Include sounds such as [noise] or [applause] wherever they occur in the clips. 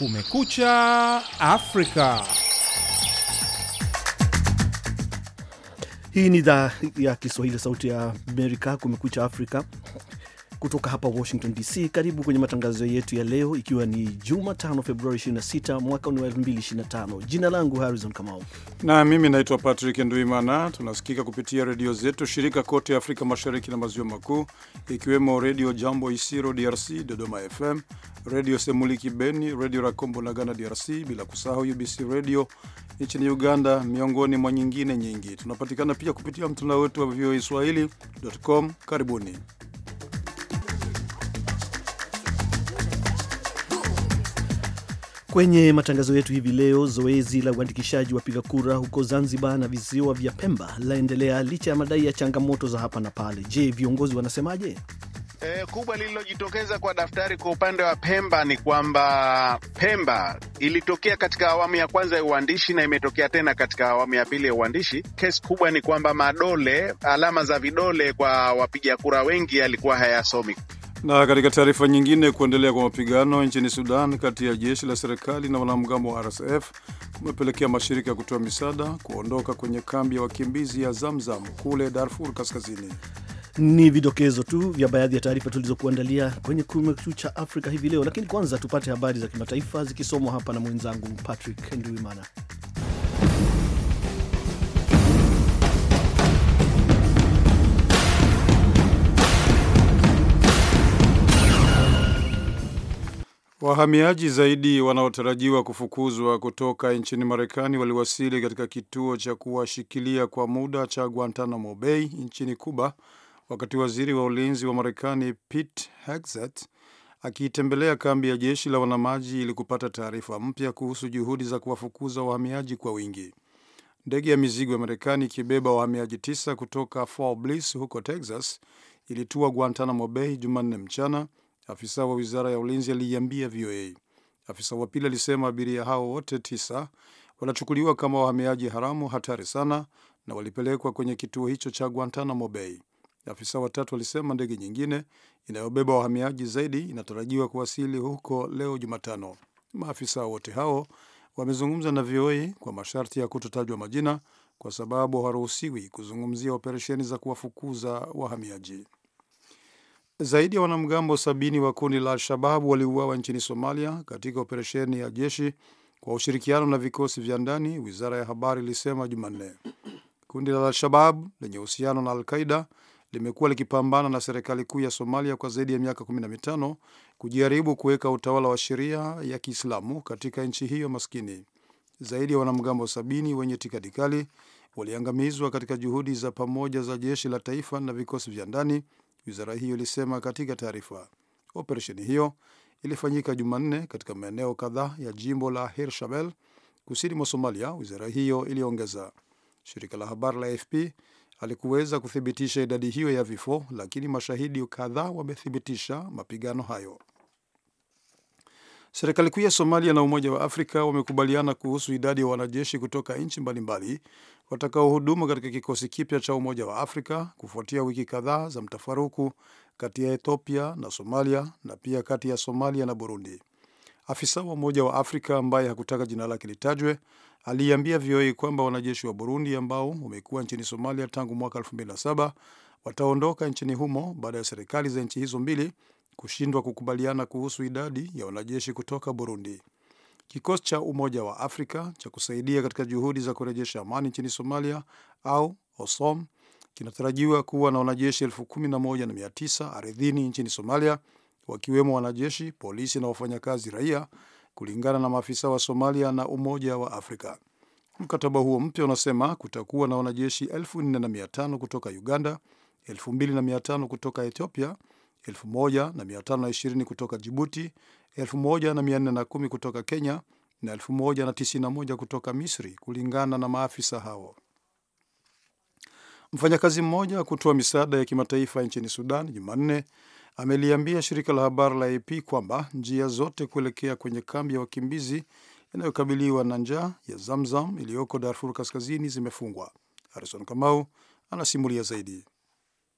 Kumekucha Afrika. Hii ni idhaa ya Kiswahili ya Sauti ya Amerika. Kumekucha Afrika kutoka hapa Washington DC. Karibu kwenye matangazo yetu ya leo, ikiwa ni Jumatano Februari 26 mwaka ni wa 2025. Jina langu Harrison Kamau na mimi naitwa Patrick Nduimana. Tunasikika kupitia redio zetu shirika kote Afrika Mashariki na Maziwa Makuu, ikiwemo Redio Jambo Isiro DRC, Dodoma FM, Redio Semuliki Beni, Redio Rakombo na Ghana DRC, bila kusahau UBC Redio nchini Uganda, miongoni mwa nyingine nyingi. Tunapatikana pia kupitia mtandao wetu wa VOA Swahili.com. Karibuni. Kwenye matangazo yetu hivi leo, zoezi la uandikishaji wapiga kura huko Zanzibar na visiwa vya Pemba laendelea licha ya madai ya changamoto za hapa na pale. Je, viongozi wanasemaje? E, kubwa lililojitokeza kwa daftari kwa upande wa Pemba ni kwamba Pemba ilitokea katika awamu ya kwanza ya uandishi na imetokea tena katika awamu ya pili ya uandishi. Kesi kubwa ni kwamba madole, alama za vidole kwa wapiga kura wengi yalikuwa hayasomi. Na katika taarifa nyingine, kuendelea kwa mapigano nchini Sudan kati ya jeshi la serikali na wanamgambo wa RSF kumepelekea mashirika ya kutoa misaada kuondoka kwenye kambi ya wakimbizi ya Zamzam kule Darfur Kaskazini. Ni vidokezo tu vya baadhi ya taarifa tulizokuandalia kwenye cha Afrika hivi leo, lakini kwanza tupate habari za kimataifa zikisomwa hapa na mwenzangu Patrick Nduimana. Wahamiaji zaidi wanaotarajiwa kufukuzwa kutoka nchini Marekani waliwasili katika kituo cha kuwashikilia kwa muda cha Guantanamo Bay nchini Cuba, wakati waziri wa ulinzi wa Marekani Pete Hegseth akiitembelea kambi ya jeshi la wanamaji ili kupata taarifa mpya kuhusu juhudi za kuwafukuza wahamiaji kwa wingi. Ndege ya mizigo ya Marekani ikibeba wahamiaji tisa kutoka Fort Bliss huko Texas ilitua Guantanamo Bay Jumanne mchana afisa wa wizara ya ulinzi aliiambia VOA. Afisa wa pili alisema abiria hao wote tisa wanachukuliwa kama wahamiaji haramu hatari sana na walipelekwa kwenye kituo hicho cha Guantanamo Bay. Afisa watatu alisema ndege nyingine inayobeba wahamiaji zaidi inatarajiwa kuwasili huko leo Jumatano. Maafisa wote hao wamezungumza na VOA kwa masharti ya kutotajwa majina, kwa sababu hawaruhusiwi kuzungumzia operesheni za kuwafukuza wahamiaji. Zaidi ya wanamgambo sabini wa kundi la Al-Shababu waliuawa nchini Somalia katika operesheni ya jeshi kwa ushirikiano na vikosi vya ndani, wizara ya habari ilisema Jumanne. Kundi la Al-Shabab lenye uhusiano na Al-Qaida limekuwa likipambana na serikali kuu ya Somalia kwa zaidi ya miaka 15 kujaribu kuweka utawala wa sheria ya Kiislamu katika nchi hiyo maskini. Zaidi ya wanamgambo sabini wenye itikadi kali waliangamizwa katika juhudi za pamoja za jeshi la taifa na vikosi vya ndani wizara hiyo ilisema katika taarifa. Operesheni hiyo ilifanyika Jumanne katika maeneo kadhaa ya jimbo la Hirshabel kusini mwa Somalia, wizara hiyo iliongeza. Shirika la habari la AFP alikuweza kuthibitisha idadi hiyo ya vifo, lakini mashahidi kadhaa wamethibitisha mapigano hayo. Serikali kuu ya Somalia na Umoja wa Afrika wamekubaliana kuhusu idadi ya wanajeshi kutoka nchi mbalimbali watakaohudumu katika kikosi kipya cha Umoja wa Afrika kufuatia wiki kadhaa za mtafaruku kati ya Ethiopia na Somalia na pia kati ya Somalia na Burundi. Afisa wa Umoja wa Afrika ambaye hakutaka jina lake litajwe aliambia VOA kwamba wanajeshi wa Burundi ambao wamekuwa nchini Somalia tangu mwaka 2007 wataondoka nchini humo baada ya serikali za nchi hizo mbili kushindwa kukubaliana kuhusu idadi ya wanajeshi kutoka Burundi. Kikosi cha Umoja wa Afrika cha kusaidia katika juhudi za kurejesha amani nchini Somalia au OSOM kinatarajiwa kuwa na wanajeshi elfu kumi na moja na mia tisa ardhini nchini Somalia, wakiwemo wanajeshi, polisi na wafanyakazi raia, kulingana na maafisa wa Somalia na Umoja wa Afrika. Mkataba huo mpya unasema kutakuwa na wanajeshi elfu nne na mia tano kutoka Uganda, elfu mbili na mia tano kutoka Ethiopia, 1520 kutoka Jibuti, 1410 kutoka Kenya na 1091 kutoka Misri, kulingana na maafisa hao. Mfanyakazi mmoja wa kutoa misaada ya kimataifa nchini Sudan Jumanne ameliambia shirika la habari la AP kwamba njia zote kuelekea kwenye kambi ya wakimbizi inayokabiliwa na njaa ya Zamzam iliyoko Darfur Kaskazini zimefungwa. Harison Kamau anasimulia zaidi.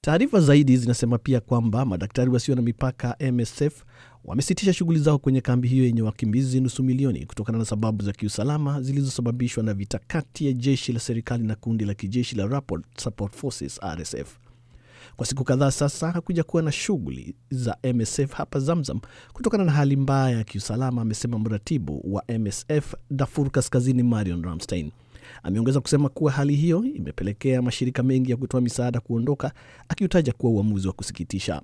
Taarifa zaidi zinasema pia kwamba madaktari wasio na mipaka MSF wamesitisha shughuli zao kwenye kambi hiyo yenye wakimbizi nusu milioni kutokana na sababu za kiusalama zilizosababishwa na vita kati ya jeshi la serikali na kundi la kijeshi la Support Forces RSF. Kwa siku kadhaa sasa hakuja kuwa na shughuli za MSF hapa Zamzam kutokana na hali mbaya ya kiusalama, amesema mratibu wa MSF dafur Kaskazini Marion Ramstein. Ameongeza kusema kuwa hali hiyo imepelekea mashirika mengi ya kutoa misaada kuondoka, akiutaja kuwa uamuzi wa kusikitisha.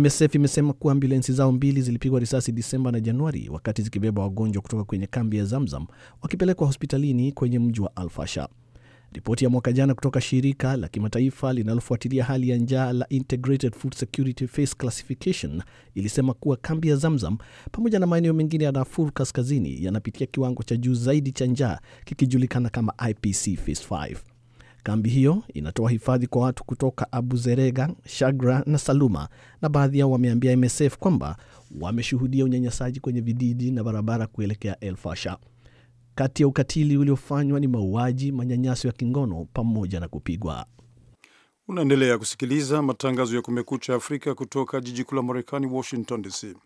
MSF imesema kuwa ambulensi zao mbili zilipigwa risasi Disemba na Januari wakati zikibeba wagonjwa kutoka kwenye kambi ya Zamzam wakipelekwa hospitalini kwenye mji wa alfasha Ripoti ya mwaka jana kutoka shirika la kimataifa linalofuatilia hali ya njaa la Integrated Food Security Classification ilisema kuwa kambi ya Zamzam pamoja na maeneo mengine ya Darfur kaskazini yanapitia kiwango cha juu zaidi cha njaa kikijulikana kama IPC 5. Kambi hiyo inatoa hifadhi kwa watu kutoka Abu Zerega, Shagra na Saluma, na baadhi yao wameambia MSF kwamba wameshuhudia unyanyasaji kwenye vijiji na barabara kuelekea elfasha kati ya ukatili uliofanywa ni mauaji, manyanyaso ya kingono pamoja na kupigwa. Unaendelea kusikiliza matangazo ya Kumekucha Afrika kutoka jiji kuu la Marekani, Washington DC.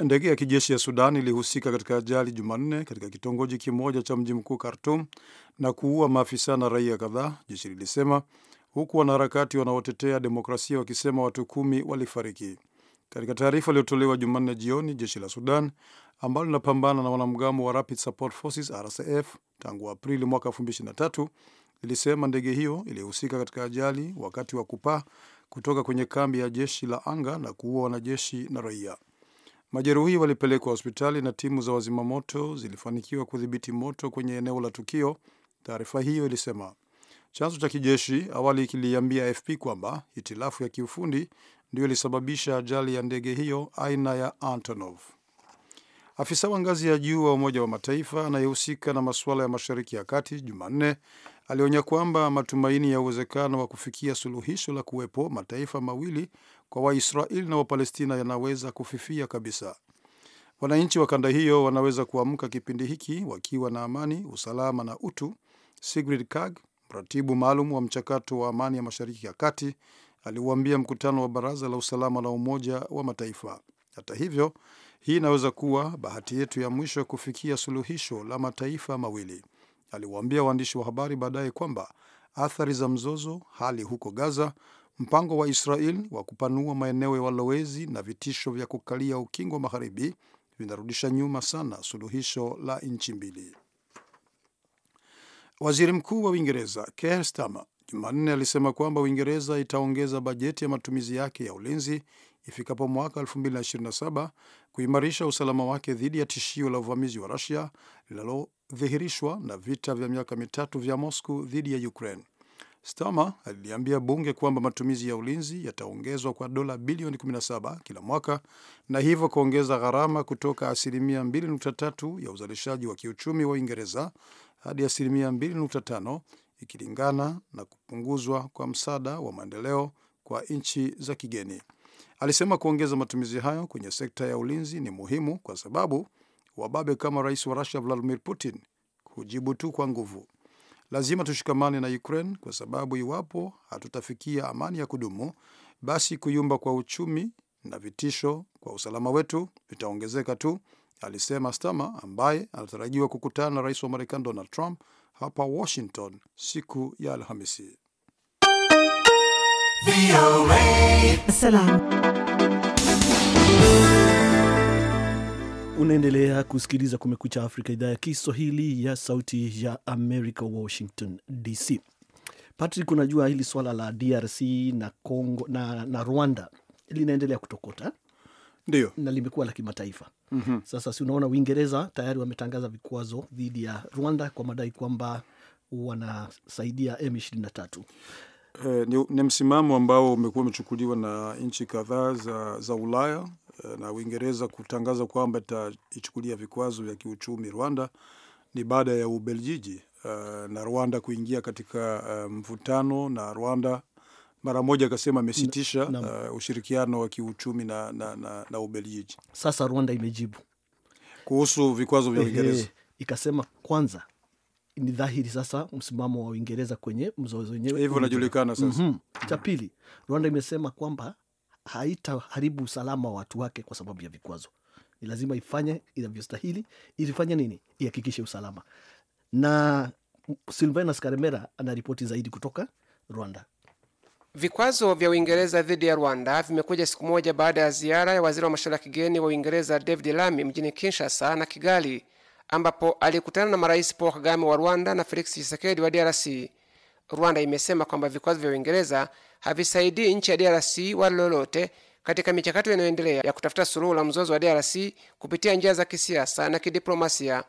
Ndege ya kijeshi ya Sudan ilihusika katika ajali Jumanne katika kitongoji kimoja cha mji mkuu Khartum na kuua maafisa na raia kadhaa, jeshi lilisema, huku wanaharakati wanaotetea demokrasia wakisema watu kumi walifariki. Katika taarifa iliyotolewa Jumanne jioni, jeshi la Sudan ambalo linapambana na wanamgambo wa Rapid Support Forces RSF tangu Aprili mwaka 2023 lilisema ndege hiyo ilihusika katika ajali wakati wa kupaa kutoka kwenye kambi ya jeshi la anga na kuua wanajeshi na raia. Majeruhi walipelekwa hospitali na timu za wazimamoto zilifanikiwa kudhibiti moto kwenye eneo la tukio, taarifa hiyo ilisema. Chanzo cha kijeshi awali kiliambia AFP kwamba hitilafu ya kiufundi ndiyo ilisababisha ajali ya ndege hiyo aina ya Antonov. Afisa wa ngazi ya juu wa Umoja wa Mataifa anayehusika na masuala ya Mashariki ya Kati Jumanne alionya kwamba matumaini ya uwezekano wa kufikia suluhisho la kuwepo mataifa mawili kwa Waisraeli na Wapalestina yanaweza kufifia kabisa. Wananchi wa kanda hiyo wanaweza kuamka kipindi hiki wakiwa na amani, usalama na utu, Sigrid Kag, mratibu maalum wa mchakato wa amani ya Mashariki ya Kati, aliuambia mkutano wa Baraza la Usalama la Umoja wa Mataifa. Hata hivyo, hii inaweza kuwa bahati yetu ya mwisho ya kufikia suluhisho la mataifa mawili. Aliwaambia waandishi wa habari baadaye kwamba athari za mzozo, hali huko Gaza, mpango wa Israel wa kupanua maeneo ya walowezi na vitisho vya kukalia ukingo wa magharibi vinarudisha nyuma sana suluhisho la nchi mbili. Waziri Mkuu wa Uingereza Keir Starmer Jumanne alisema kwamba Uingereza itaongeza bajeti ya matumizi yake ya ulinzi ifikapo mwaka 2027 kuimarisha usalama wake dhidi ya tishio la uvamizi wa Rusia linalodhihirishwa na vita vya miaka mitatu vya Moscow dhidi ya Ukraine. Starmer aliliambia bunge kwamba matumizi ya ulinzi yataongezwa kwa dola bilioni 17 kila mwaka na hivyo kuongeza gharama kutoka asilimia 2.3 ya uzalishaji wa kiuchumi wa Uingereza hadi asilimia 2.5 ikilingana na kupunguzwa kwa msaada wa maendeleo kwa nchi za kigeni. Alisema kuongeza matumizi hayo kwenye sekta ya ulinzi ni muhimu kwa sababu wababe kama rais wa rusia Vladimir Putin hujibu tu kwa nguvu. Lazima tushikamane na Ukraine kwa sababu iwapo hatutafikia amani ya kudumu, basi kuyumba kwa uchumi na vitisho kwa usalama wetu vitaongezeka tu, alisema Stama ambaye anatarajiwa kukutana na rais wa Marekani Donald Trump hapa Washington siku ya Alhamisi. Unaendelea kusikiliza Kumekucha Afrika, idhaa ya Kiswahili ya Sauti ya Amerika, Washington DC. Patrick, unajua hili swala la DRC na Congo na, na Rwanda linaendelea kutokota ndio na limekuwa la kimataifa mm -hmm. Sasa si unaona Uingereza tayari wametangaza vikwazo dhidi ya Rwanda kwa madai kwamba wanasaidia M23. Eh, ni, ni msimamo ambao umekuwa umechukuliwa na nchi kadhaa za, za Ulaya eh, na Uingereza kutangaza kwamba itaichukulia vikwazo vya kiuchumi Rwanda ni baada ya Ubelgiji eh, na Rwanda kuingia katika eh, mvutano na Rwanda mara moja akasema amesitisha uh, ushirikiano wa kiuchumi na, na, na, na Ubelgiji. Sasa Rwanda imejibu kuhusu vikwazo vya Uingereza, ikasema kwanza ni dhahiri sasa msimamo wa Uingereza kwenye mzozo wenyewe hivyo unajulikana sasa. Mhm. mm -hmm. Cha pili, Rwanda imesema kwamba haitaharibu usalama wa watu wake kwa sababu ya vikwazo. Ni lazima ifanye inavyostahili, Ilifanya nini, ihakikishe usalama. Na Silvanus Karemera ana ripoti zaidi kutoka Rwanda. Vikwazo vya Uingereza dhidi ya Rwanda vimekuja siku moja baada ya ziara ya waziri wa mashauri ya kigeni wa Uingereza David Lamy mjini Kinshasa na Kigali, ambapo alikutana na marais Paul Kagame wa Rwanda na Felix Tshisekedi wa DRC. Rwanda imesema kwamba vikwazo vya Uingereza havisaidii nchi ya DRC wala lolote katika michakato inayoendelea ya kutafuta suluhu la mzozo wa DRC kupitia njia za kisiasa na kidiplomasia.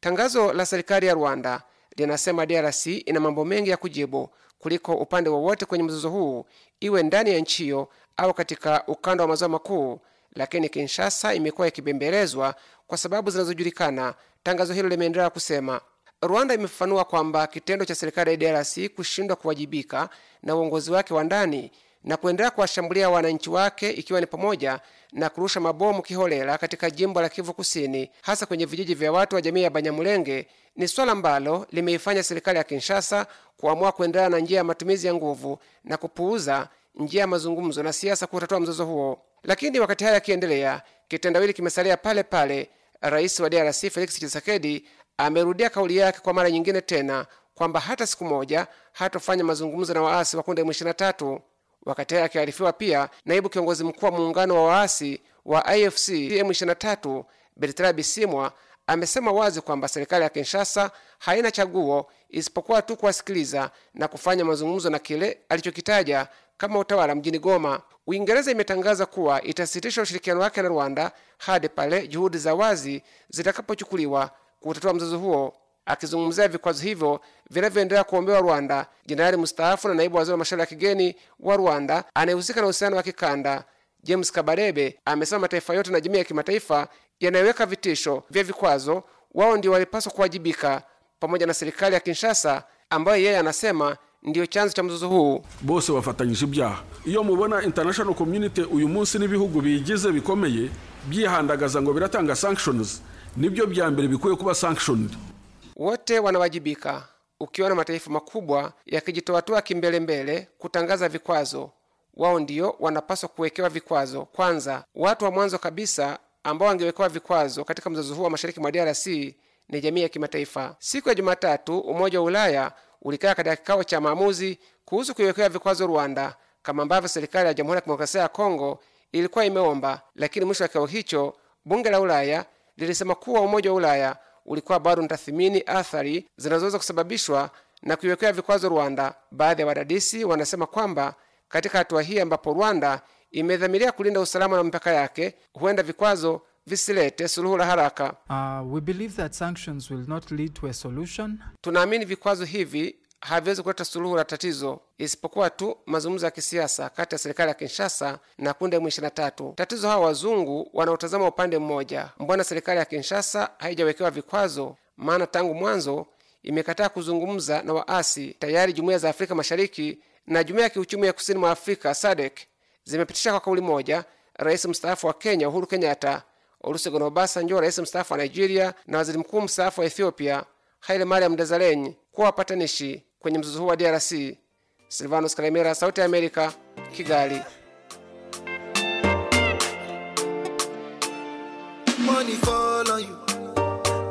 Tangazo la serikali ya Rwanda linasema DRC ina mambo mengi ya kujibu kuliko upande wowote kwenye mzozo huu, iwe ndani ya nchi hiyo au katika ukanda wa maziwa makuu. Lakini Kinshasa imekuwa ikibembelezwa kwa sababu zinazojulikana, tangazo hilo limeendelea kusema. Rwanda imefafanua kwamba kitendo cha serikali ya DRC kushindwa kuwajibika na uongozi wake wa ndani na kuendelea kuwashambulia wananchi wake ikiwa ni pamoja na kurusha mabomu kiholela katika jimbo la Kivu Kusini, hasa kwenye vijiji vya watu wa jamii ya Banyamulenge, ni swala ambalo limeifanya serikali ya Kinshasa kuamua kuendelea na njia ya matumizi ya nguvu na kupuuza njia ya mazungumzo na siasa kutatua mzozo huo. Lakini wakati haya yakiendelea, kitendawili kimesalia pale pale. Rais wa DRC Felix Tshisekedi amerudia kauli yake kwa mara nyingine tena kwamba hata siku moja hatofanya mazungumzo na waasi wa kundi M23. Wakati haya akiarifiwa pia, naibu kiongozi mkuu wa muungano wa waasi wa AFC M23 Bertrand Bisimwa amesema wazi kwamba serikali ya Kinshasa haina chaguo isipokuwa tu kuwasikiliza na kufanya mazungumzo na kile alichokitaja kama utawala mjini Goma. Uingereza imetangaza kuwa itasitisha ushirikiano wake na Rwanda hadi pale juhudi za wazi zitakapochukuliwa kutatua mzozo huo. Akizungumzia vikwazo hivyo vinavyoendelea kuombewa Rwanda, jenerali mstaafu na naibu waziri wa mashauri ya kigeni wa Rwanda anayehusika na uhusiano wa kikanda James Kabarebe amesema mataifa yote na jamii ya kimataifa yanayoweka vitisho vya vikwazo, wao ndio walipaswa kuwajibika, pamoja na serikali ya Kinshasa ambayo yeye anasema ndiyo chanzo cha mzozo huu. bose bafatanyije ibyaha iyo mubona international community uyu munsi n'ibihugu biyigize bikomeye byihandagaza ngo biratanga sanctions nibyo bya mbere bikwiye kuba sanctioned wote wanawajibika, ukiona mataifa makubwa yakijitoatoa kimbelembele kutangaza vikwazo. Wao ndiyo wanapaswa kuwekewa vikwazo kwanza. Watu wa mwanzo kabisa ambao wangewekewa vikwazo katika mzozo huu wa mashariki mwa DRC ni jamii ya kimataifa. Siku ya Jumatatu, Umoja wa Ulaya ulikaa katika kikao cha maamuzi kuhusu kuiwekewa vikwazo Rwanda kama ambavyo serikali ya Jamhuri ya Kidemokrasia ya Kongo ilikuwa imeomba, lakini mwisho wa kikao hicho bunge la Ulaya lilisema kuwa Umoja wa Ulaya ulikuwa bado unatathimini athari zinazoweza kusababishwa na kuiwekea vikwazo Rwanda. Baadhi ya wadadisi wanasema kwamba katika hatua hii ambapo Rwanda imedhamiria kulinda usalama na mipaka yake, huenda vikwazo visilete suluhu la haraka. Uh, we believe that sanctions will not lead to a solution. Tunaamini vikwazo hivi haviwezi kuleta suluhu la tatizo isipokuwa tu mazungumzo ya kisiasa kati ya serikali ya Kinshasa na kundi M23. Tatizo hawa wazungu wanaotazama upande mmoja, mbona serikali ya Kinshasa haijawekewa vikwazo? Maana tangu mwanzo imekataa kuzungumza na waasi. Tayari jumuiya za Afrika Mashariki na jumuiya ya kiuchumi ya kusini mwa Afrika SADC zimepitisha kwa kauli moja rais mstaafu wa Kenya Uhuru Kenyatta, Olusegun Obasanjo rais mstaafu wa Nigeria na waziri mkuu mstaafu wa Ethiopia Haile Mariam Desalegn kuwa wapatanishi kwenye mzozo huu wa DRC. Silvanos Karemera, Sauti ya Amerika, Kigali. Money follow you.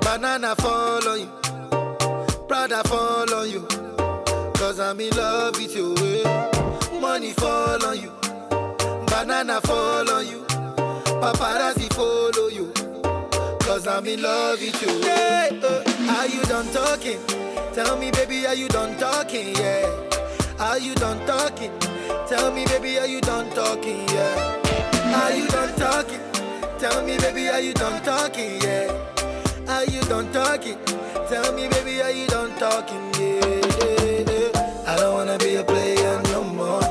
Banana follow you. Prada follow you. Cause I'm in love with you. Eh. Money follow you. Banana follow you. Paparazzi follow you. Cause I'm in love with you. Hey, uh, are you done talking? Tell me, baby, are you done talking? Yeah. Are you done talking? Tell me, baby, are you done talking? Yeah. Are you done talking? Tell me, baby, are you done talking? Yeah. Are you done talking? Tell me, baby, are you done talking? Yeah. yeah, yeah. I don't wanna be a player no more.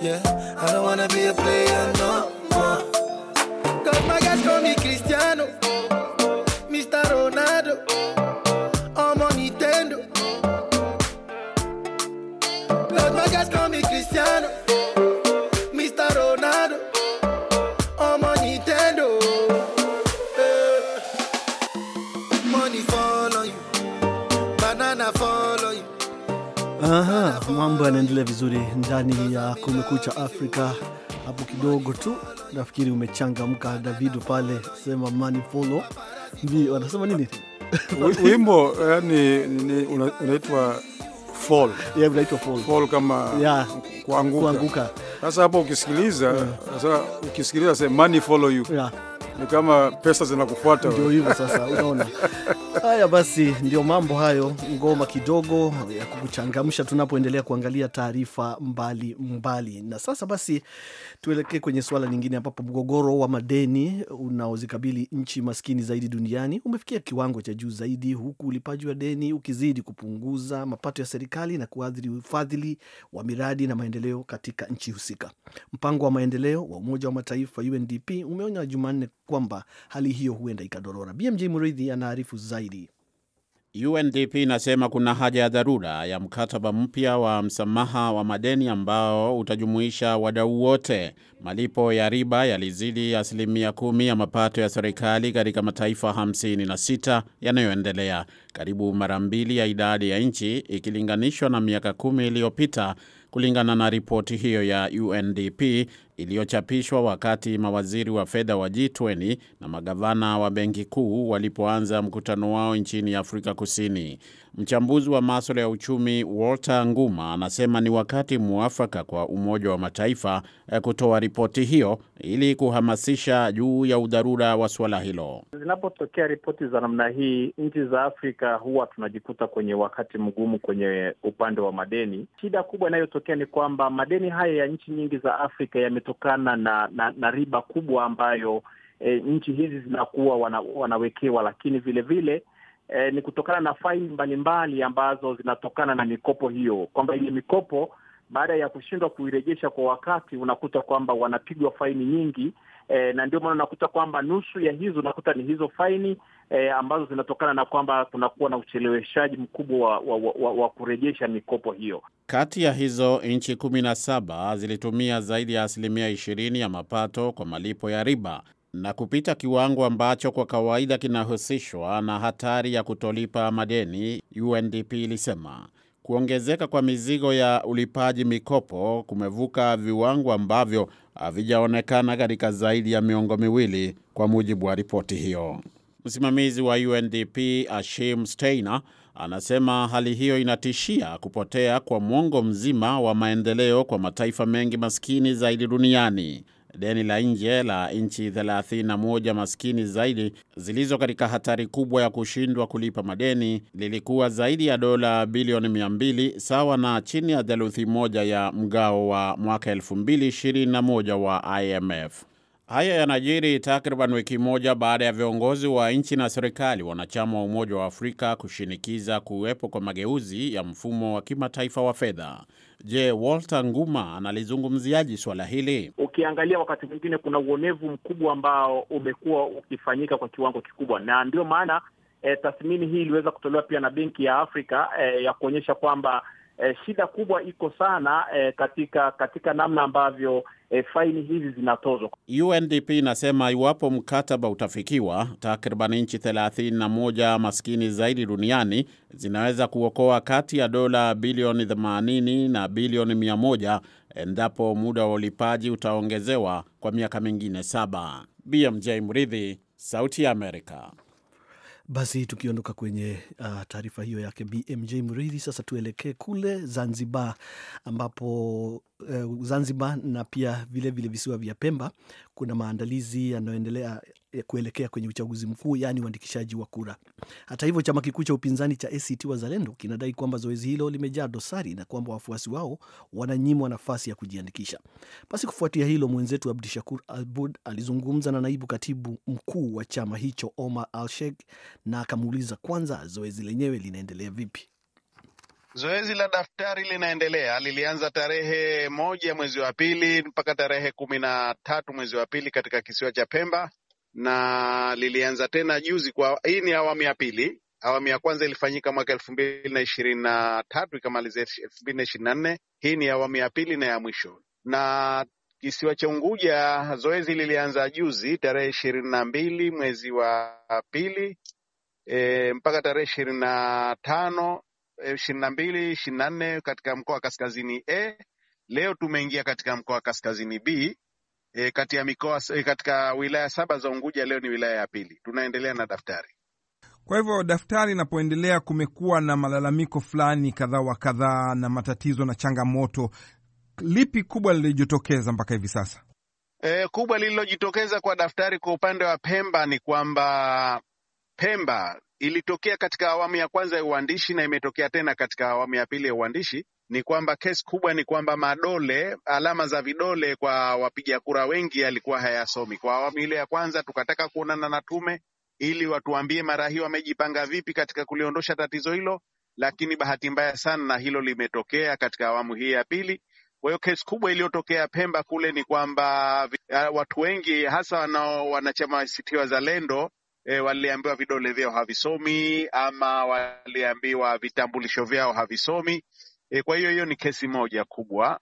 Yeah. I don't wanna be a player. Aha, mambo yanaendelea vizuri ndani ya Kumekucha Afrika. Hapo kidogo tu nafikiri umechangamka Davido pale sema money follow. Ndio wanasema nini? Wimbo yani unaitwa fall. Yeah, unaitwa fall. Fall kama yeah, kuanguka. Kuanguka. Sasa hapo ukisikiliza, sasa yeah. ukisikiliza sema money follow you. Yeah. Ni kama pesa zinakufuata. Ndio hivyo sasa, unaona. [laughs] Haya basi, ndio mambo hayo, ngoma kidogo ya kukuchangamsha tunapoendelea kuangalia taarifa mbalimbali. Na sasa basi, tuelekee kwenye suala lingine, ambapo mgogoro wa madeni unaozikabili nchi maskini zaidi duniani umefikia kiwango cha juu zaidi, huku ulipaji wa deni ukizidi kupunguza mapato ya serikali na kuathiri ufadhili wa miradi na maendeleo katika nchi husika. Mpango wa maendeleo wa Umoja wa Mataifa UNDP umeonya Jumanne kwamba hali hiyo huenda ikadorora. BMJ Mridhi anaarifu zaidi. UNDP inasema kuna haja ya dharura ya mkataba mpya wa msamaha wa madeni ambao utajumuisha wadau wote. Malipo ya riba yalizidi asilimia kumi ya mapato ya serikali katika mataifa 56 yanayoendelea, karibu mara mbili ya idadi ya nchi ikilinganishwa na miaka kumi iliyopita, kulingana na ripoti hiyo ya UNDP iliyochapishwa wakati mawaziri wa fedha wa G20 na magavana wa benki kuu walipoanza mkutano wao nchini Afrika Kusini. Mchambuzi wa maswala ya uchumi Walter Nguma anasema ni wakati mwafaka kwa Umoja wa Mataifa eh, kutoa ripoti hiyo ili kuhamasisha juu ya udharura wa suala hilo. Zinapotokea ripoti za namna hii, nchi za Afrika huwa tunajikuta kwenye wakati mgumu kwenye upande wa madeni. Shida kubwa inayotokea ni kwamba madeni haya ya nchi nyingi za Afrika yametokana na, na, na riba kubwa ambayo e, nchi hizi zinakuwa wana, wanawekewa, lakini vilevile vile, eh, ni kutokana na faini mbalimbali ambazo zinatokana na mikopo hiyo, kwamba ile mikopo baada ya kushindwa kuirejesha kwa wakati unakuta kwamba wanapigwa faini nyingi eh, na ndio maana unakuta kwamba nusu ya hizo unakuta ni hizo faini eh, ambazo zinatokana na kwamba kunakuwa na ucheleweshaji mkubwa wa, wa, wa, wa kurejesha mikopo hiyo. Kati ya hizo nchi kumi na saba zilitumia zaidi ya asilimia ishirini ya mapato kwa malipo ya riba na kupita kiwango ambacho kwa kawaida kinahusishwa na hatari ya kutolipa madeni, UNDP ilisema. Kuongezeka kwa mizigo ya ulipaji mikopo kumevuka viwango ambavyo havijaonekana katika zaidi ya miongo miwili, kwa mujibu wa ripoti hiyo. Msimamizi wa UNDP Ashim Steiner anasema hali hiyo inatishia kupotea kwa mwongo mzima wa maendeleo kwa mataifa mengi maskini zaidi duniani deni la nje la nchi 31 maskini zaidi zilizo katika hatari kubwa ya kushindwa kulipa madeni lilikuwa zaidi ya dola bilioni 200 sawa na chini ya theluthi moja ya mgao wa mwaka 221 wa IMF. Haya yanajiri takriban wiki moja baada ya viongozi wa nchi na serikali wanachama wa Umoja wa Afrika kushinikiza kuwepo kwa mageuzi ya mfumo wa kimataifa wa fedha. Je, Walter Nguma analizungumziaji swala hili? Ukiangalia wakati mwingine kuna uonevu mkubwa ambao umekuwa ukifanyika kwa kiwango kikubwa, na ndio maana e, tathmini hii iliweza kutolewa pia na Benki ya Afrika e, ya kuonyesha kwamba e, shida kubwa iko sana e, katika katika namna ambavyo e, faini hizi zinatozwa. UNDP inasema iwapo mkataba utafikiwa, takriban nchi thelathini na moja maskini zaidi duniani zinaweza kuokoa kati ya dola bilioni 80 na bilioni 100 endapo muda wa ulipaji utaongezewa kwa miaka mingine saba. BMJ Mridhi, Sauti ya Amerika. Basi tukiondoka kwenye uh, taarifa hiyo yake BMJ Mridhi, sasa tuelekee kule Zanzibar ambapo eh, Zanzibar na pia vilevile vile visiwa vya Pemba kuna maandalizi yanayoendelea kuelekea kwenye uchaguzi mkuu, yaani uandikishaji wa kura. Hata hivyo, chama kikuu cha upinzani cha ACT Wazalendo kinadai kwamba zoezi hilo limejaa dosari na kwamba wafuasi wao wananyimwa nafasi ya kujiandikisha. Basi kufuatia hilo, mwenzetu Abdu Shakur Abud alizungumza na naibu katibu mkuu wa chama hicho Omar Al na akamuuliza kwanza zoezi lenyewe linaendelea vipi? Zoezi la daftari linaendelea, lilianza tarehe moja mwezi wa pili mpaka tarehe kumi na tatu mwezi wa pili katika kisiwa cha Pemba, na lilianza tena juzi kwa, hii ni awamu ya pili. Awamu ya kwanza ilifanyika mwaka elfu mbili na ishirini na tatu ikamaliza elfu mbili na ishirini na nne Hii ni awamu ya pili na ya mwisho. Na kisiwa cha Unguja zoezi lilianza juzi tarehe ishirini na mbili mwezi wa pili e, mpaka tarehe ishirini na tano e, ishirini na mbili ishirini na nne katika mkoa wa Kaskazini A. Leo tumeingia katika mkoa wa Kaskazini B e, kati ya mikoa e, katika wilaya saba za Unguja leo ni wilaya ya pili. Tunaendelea na daftari. Kwa hivyo daftari inapoendelea, kumekuwa na malalamiko fulani kadha wa kadhaa na matatizo na changamoto. Lipi kubwa lilijitokeza mpaka hivi sasa? E, kubwa lililojitokeza kwa daftari kwa upande wa Pemba ni kwamba Pemba ilitokea katika awamu ya kwanza ya uandishi na imetokea tena katika awamu ya pili ya uandishi ni kwamba kesi kubwa ni kwamba madole, alama za vidole kwa wapiga kura wengi yalikuwa hayasomi. Kwa awamu ile ya kwanza tukataka kuonana na tume ili watuambie mara hii wamejipanga vipi katika kuliondosha tatizo hilo, lakini bahati mbaya sana na hilo limetokea katika awamu hii ya pili. Kwa hiyo kesi kubwa iliyotokea Pemba kule ni kwamba eh, watu wengi hasa wanao wanachama ACT Wazalendo E, waliambiwa vidole vyao havisomi ama waliambiwa vitambulisho vyao havisomi. E, kwa hiyo hiyo ni kesi moja kubwa.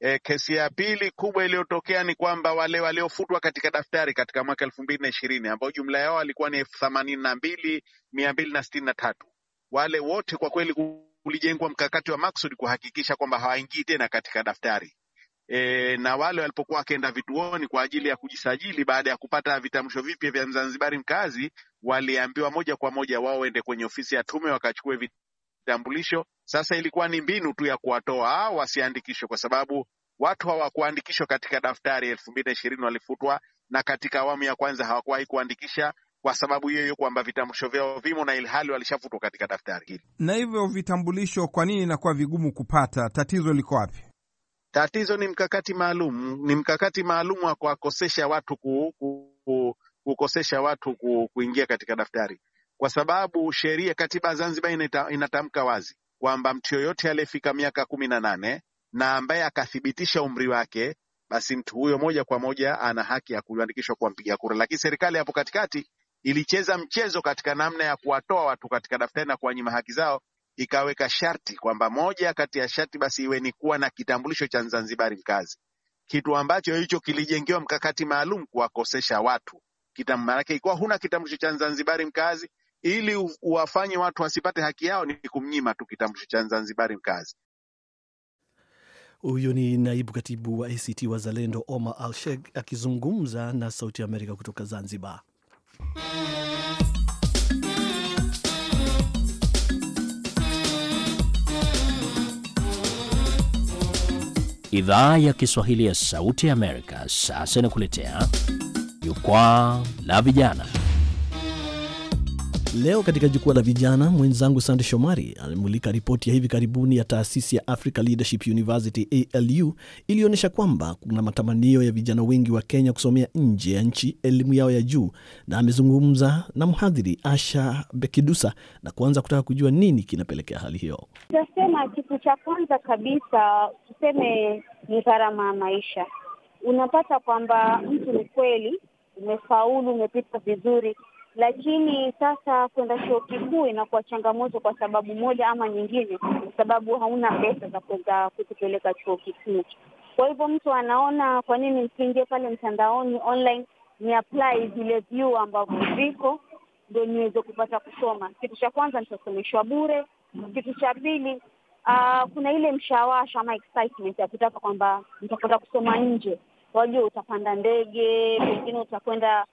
E, kesi ya pili kubwa iliyotokea ni kwamba wale waliofutwa katika daftari katika mwaka elfu mbili na ishirini ambao jumla yao walikuwa ni elfu themanini na mbili mia mbili na sitini na tatu wale wote kwa kweli ulijengwa mkakati wa maksudi kuhakikisha kwamba hawaingii tena katika daftari. E, na wale walipokuwa wakienda vituoni kwa ajili ya kujisajili baada ya kupata vitambulisho vipya vya Mzanzibari mkazi, waliambiwa moja kwa moja wao waende kwenye ofisi ya tume wakachukue vitambulisho. Sasa ilikuwa ni mbinu tu ya kuwatoa wasiandikishwe, kwa sababu watu hawakuandikishwa katika daftari elfu mbili na ishirini walifutwa, na katika awamu ya kwanza hawakuwahi kuandikisha kwa sababu hiyo hiyo kwamba vitambulisho vyao vimo na ilhali walishafutwa katika daftari hili. Na hivyo vitambulisho, kwa nini inakuwa vigumu kupata? Tatizo liko wapi? Tatizo ni mkakati maalum, ni mkakati maalum wa kuwakosesha watu ku, ku, ku, kukosesha watu ku, kuingia katika daftari kwa sababu sheria, katiba ya Zanzibar inata, inatamka wazi kwamba mtu yoyote aliyefika miaka kumi na nane na ambaye akathibitisha umri wake basi mtu huyo moja kwa moja ana haki ya kuandikishwa kuwa mpiga kura. Lakini serikali hapo katikati ilicheza mchezo katika namna ya kuwatoa watu katika daftari na kuwanyima haki zao, ikaweka sharti kwamba moja kati ya sharti basi iwe ni kuwa na kitambulisho cha Mzanzibari mkazi, kitu ambacho hicho kilijengewa mkakati maalum kuwakosesha watu. Maanake ikiwa huna kitambulisho cha Mzanzibari mkazi, ili uwafanye watu wasipate haki yao ni kumnyima tu kitambulisho cha Zanzibari mkazi. Huyu ni naibu katibu wa ACT Wazalendo Omar Alsheg akizungumza na Sauti ya Amerika kutoka Zanzibar. Idhaa ya Kiswahili ya Sauti ya Amerika sasa inakuletea jukwaa la vijana. Leo katika jukwaa la vijana, mwenzangu Sande Shomari alimulika ripoti ya hivi karibuni ya taasisi ya Africa Leadership University ALU iliyoonyesha kwamba kuna matamanio ya vijana wengi wa Kenya kusomea nje ya nchi elimu yao ya juu, na amezungumza na mhadhiri Asha Bekidusa na kuanza kutaka kujua nini kinapelekea hali hiyo. Tutasema kitu cha kwanza kabisa, tuseme ni gharama ya maisha. Unapata kwamba mtu ni kweli umefaulu, umepita vizuri lakini sasa kwenda chuo kikuu inakuwa changamoto kwa sababu moja ama nyingine, kwa sababu hauna pesa za kuweza kukupeleka chuo kikuu. Kwa hivyo mtu anaona kwa nini nisiingie pale mtandaoni online, ni apply vile vyuo ambavyo viko ndio niweze kupata kusoma. Kitu cha kwanza nitasomeshwa bure. Kitu cha pili, uh, kuna ile mshawasha ama excitement ya kutaka kwamba nitapata kusoma nje. Wajua, utapanda ndege, pengine utakwenda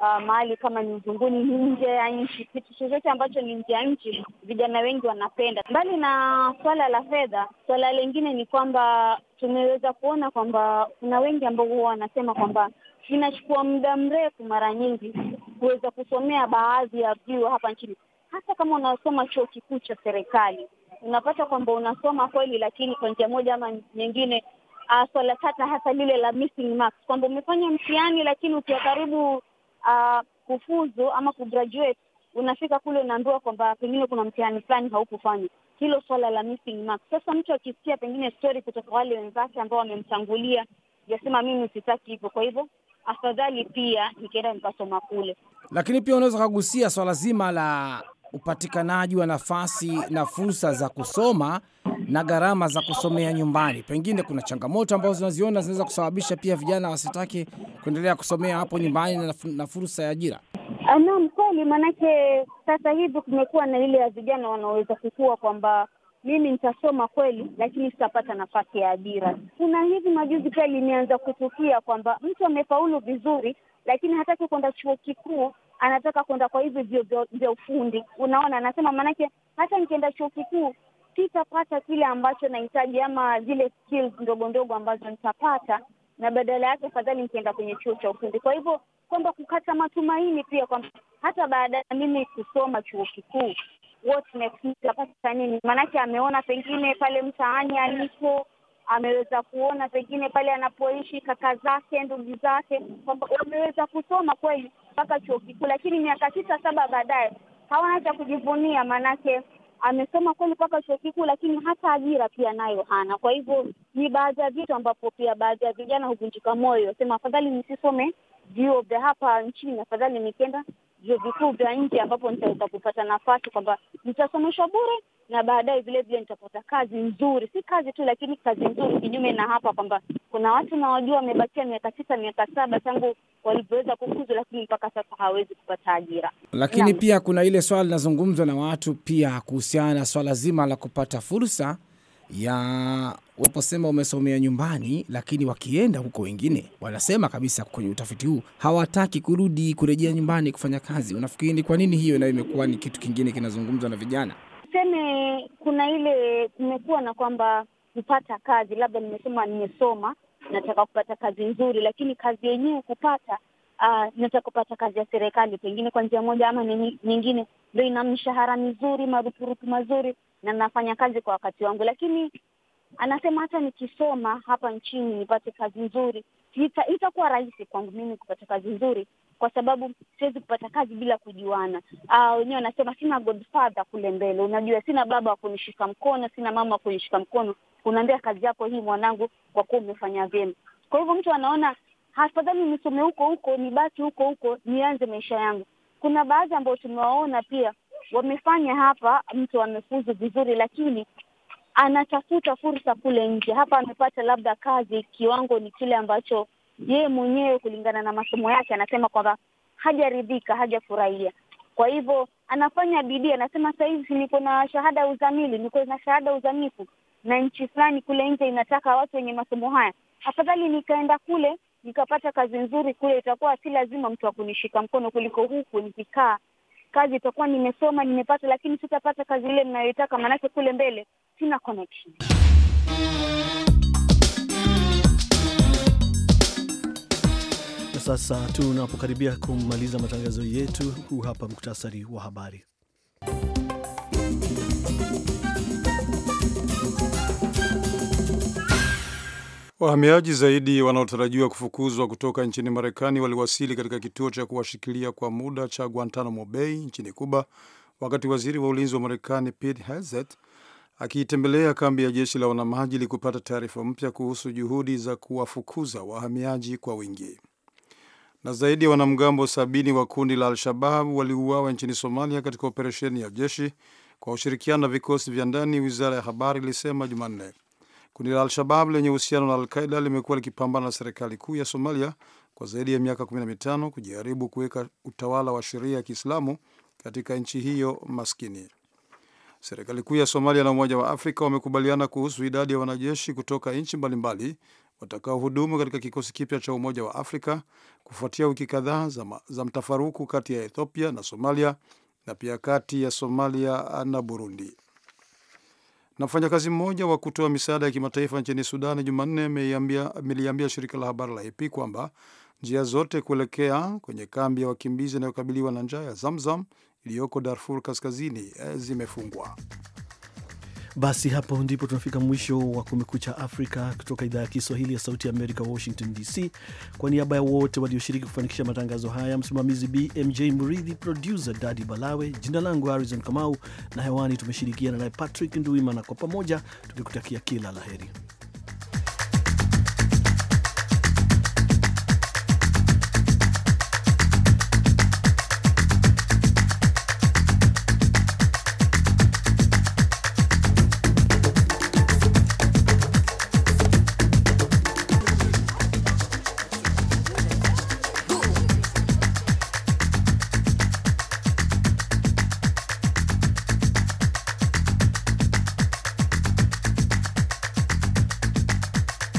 uh, mahali kama ni uzunguni, nje ya nchi, kitu chochote ambacho ni nje ya nchi, vijana wengi wanapenda. Mbali na swala la fedha, swala lingine ni kwamba tumeweza kuona kwamba kuna wengi ambao huwa wanasema kwamba inachukua muda mrefu mara nyingi kuweza kusomea baadhi ya vyuo hapa nchini, hasa kama unasoma chuo kikuu cha serikali, unapata kwamba unasoma kweli, lakini kwa njia moja ama nyingine, uh, swala tata hasa lile la missing marks, kwamba umefanya mtihani, lakini ukiwa karibu uh, kufuzu ama kugraduate, unafika kule unaambiwa kwamba pengine kuna mtihani fulani haukufanya hilo swala la missing mark. Sasa mtu akisikia pengine story kutoka wale wenzake ambao wamemtangulia, jasema mimi sitaki hivyo, kwa hivyo afadhali pia nikienda nikasoma kule. Lakini pia unaweza kagusia swala zima la upatikanaji wa nafasi na fursa za kusoma na gharama za kusomea nyumbani. Pengine kuna changamoto ambazo zinaziona zinaweza kusababisha pia vijana wasitake kuendelea kusomea hapo nyumbani na, na fursa ya ajira. Ah, naam, kweli, maanake sasa hivi kumekuwa na ile ya vijana wanaoweza kukua kwamba mimi nitasoma kweli, lakini sitapata nafasi ya ajira. Kuna hivi majuzi pia limeanza kutukia kwamba mtu amefaulu vizuri, lakini hataki kwenda chuo kikuu, anataka kwenda kwa hivi vyuo vya ufundi. Unaona, anasema maanake hata nikienda chuo kikuu sitapata kile ambacho nahitaji ama zile skills ndogo ndogo ambazo nitapata, na badala yake afadhali nikienda kwenye chuo cha ufundi. Kwa hivyo kwamba kukata matumaini pia kwamba hata baada ya mimi kusoma chuo kikuu what nitapata nini? Maanake ameona pengine pale mtaani alipo ameweza kuona pengine pale anapoishi kaka zake, ndugu zake, kwamba wameweza kusoma kweli mpaka chuo kikuu, lakini miaka tisa saba baadaye hawana cha kujivunia, maanake amesoma kweli mpaka chuo kikuu, lakini hata ajira pia nayo hana. Kwa hivyo ni baadhi ya vitu ambapo pia baadhi ya vijana huvunjika moyo, sema afadhali nisisome vyuo vya hapa nchini, afadhali nikienda vyuo vikuu vya nje ambapo nitaweza kupata nafasi kwamba nitasomeshwa bure na baadaye vile vile nitapata kazi nzuri, si kazi tu, lakini kazi nzuri, kinyume na hapa kwamba kuna watu nawajua wamebakia miaka tisa miaka saba tangu walivyoweza kufuzwa, lakini mpaka sasa hawezi kupata ajira. Lakini na pia kuna ile swala linazungumzwa na watu pia kuhusiana na swala zima la kupata fursa ya waposema wamesomea nyumbani, lakini wakienda huko wengine wanasema kabisa kwenye utafiti huu hawataki kurudi kurejea nyumbani kufanya kazi. Unafikiri ni kwa nini hiyo nayo imekuwa ni kitu kingine kinazungumzwa na vijana? Tuseme kuna ile kumekuwa na kwamba kupata kazi, labda nimesema, nimesoma nataka kupata kazi nzuri, lakini kazi yenyewe kupata Uh, nataka kupata kazi ya serikali pengine kwa njia moja ama nyingine, ndo ina mshahara mizuri, marupurupu mazuri, na nafanya kazi kwa wakati wangu, lakini anasema hata nikisoma hapa nchini nipate kazi nzuri itakuwa rahisi kwangu mimi kupata kazi nzuri, kwa sababu siwezi kupata kazi bila kujuana. Ah, wenyewe wanasema sina godfather kule mbele, unajua, sina baba wa kunishika mkono, sina mama wa kunishika mkono, unaambia kazi yako hii mwanangu, kwa kuwa umefanya vyema. Kwa hivyo mtu anaona afadhali nisome huko huko, nibaki huko huko, nianze maisha yangu. Kuna baadhi ambao tumewaona pia wamefanya hapa, mtu amefuzu vizuri, lakini anatafuta fursa kule nje. Hapa amepata labda kazi, kiwango ni kile ambacho yeye mwenyewe kulingana na masomo yake anasema kwamba hajaridhika, hajafurahia. Kwa hivyo anafanya bidii, anasema sahizi niko na shahada ya uzamili, niko na shahada ya uzamifu, na nchi fulani kule nje inataka watu wenye masomo haya, afadhali nikaenda kule nikapata kazi nzuri kule, itakuwa si lazima mtu akunishika mkono kuliko huku nikikaa kazi itakuwa nimesoma nimepata, lakini sitapata kazi ile ninayoitaka, maanake kule mbele sina connection. Sasa tunapokaribia kumaliza matangazo yetu, huu hapa muktasari wa habari. Wahamiaji zaidi wanaotarajiwa kufukuzwa kutoka nchini Marekani waliwasili katika kituo cha kuwashikilia kwa muda cha Guantanamo Bay nchini kuba wakati waziri wa ulinzi wa Marekani Pete Hegseth akiitembelea kambi ya jeshi la wanamaji ili kupata taarifa mpya kuhusu juhudi za kuwafukuza wahamiaji kwa wingi. Na zaidi ya wanamgambo sabini wa kundi la Al-Shabab waliuawa nchini Somalia katika operesheni ya jeshi kwa ushirikiano na vikosi vya ndani, wizara ya habari ilisema Jumanne. Kundi la Al-Shabab lenye uhusiano na Al-Qaida limekuwa likipambana na serikali kuu ya Somalia kwa zaidi ya miaka 15 kujaribu kuweka utawala wa sheria ya Kiislamu katika nchi hiyo maskini. Serikali kuu ya Somalia na Umoja wa Afrika wamekubaliana kuhusu idadi ya wanajeshi kutoka nchi mbalimbali watakaohudumu katika kikosi kipya cha Umoja wa Afrika kufuatia wiki kadhaa za, za mtafaruku kati ya Ethiopia na Somalia na pia kati ya Somalia na Burundi. Na mfanyakazi mmoja wa kutoa misaada ya kimataifa nchini Sudan Jumanne ameliambia shirika la habari la AP kwamba njia zote kuelekea kwenye kambi ya wakimbizi inayokabiliwa na njaa ya Zamzam iliyoko Darfur kaskazini eh, zimefungwa. Basi hapo ndipo tunafika mwisho wa Kumekucha Afrika kutoka idhaa ya Kiswahili ya Sauti ya Amerika, Washington DC. Kwa niaba ya wote walioshiriki kufanikisha matangazo haya, msimamizi BMJ Mridhi, produsa Dadi Balawe, jina langu Harrison Kamau na hewani tumeshirikiana naye Patrick Nduimana, kwa pamoja tukikutakia kila la heri.